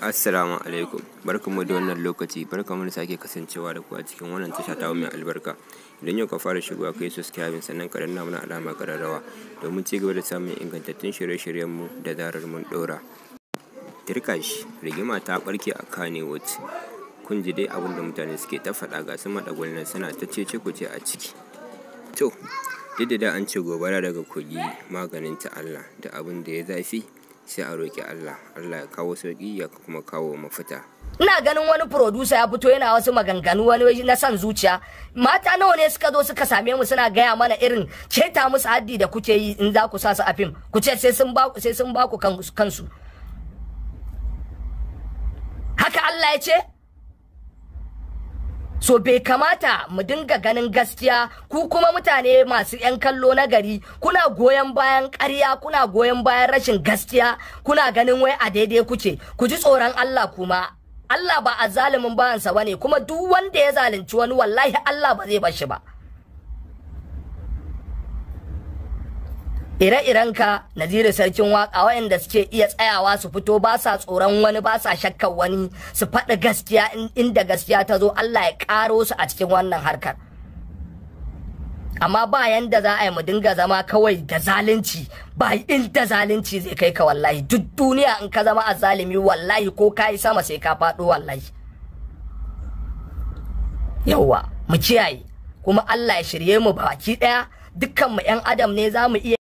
Assalamu alaikum barkanmu da wannan lokaci barkanmu da sake kasancewa da ku a cikin wannan tasha ta mai albarka idan yau ka fara shigowa kai subscribing sannan ka danna mana alama kararrawa domin ci gaba da samun ingantattun shirye shiryen mu da zarar mun dora Tirkash rigima ta barke a Kannywood kun ji dai abin da mutane suke ta faɗa ga su maɗagwalnan suna ta cece ce a ciki to duk da an ce gobara daga kogi maganin ta Allah da abin da ya zafi sai a roƙi Allah Allah ya kawo sauƙi ya kuma kawo mafita ina ganin wani producer ya fito yana wasu maganganu wani na san zuciya mata nawa ne suka zo suka same mu suna gaya mana irin keta musu haddi da kuke yi in za ku sa su a fim ku ce sai sun ba sai sun ba ku kansu haka Allah ya ce So bai kamata mu dinga ganin gaskiya ku kuma mutane masu 'yan kallo na gari kuna goyon bayan ƙarya kuna goyon bayan rashin gaskiya kuna ganin wai a daidai kuce ku ji tsoron Allah kuma Allah ba a zalimin bayansa ne kuma duk wanda ya zalunci wani wallahi Allah ba zai bar shi ba. ire-iren ka Naziru sarkin waka wayanda suke iya tsayawa su fito ba sa tsoron wani ba sa shakkan wani su faɗi gaskiya inda gaskiya ta zo Allah ya ƙaro su a cikin wannan harkar amma ba yanda za a yi mu dinga zama kawai da zalunci ba inda zalunci zai kai ka wallahi duk duniya in ka zama a zalumi wallahi ko ka yi sama sai ka faɗo wallahi yawwa mu kiyaye kuma Allah ya shirye mu baki ɗaya mu 'yan adam ne za mu iya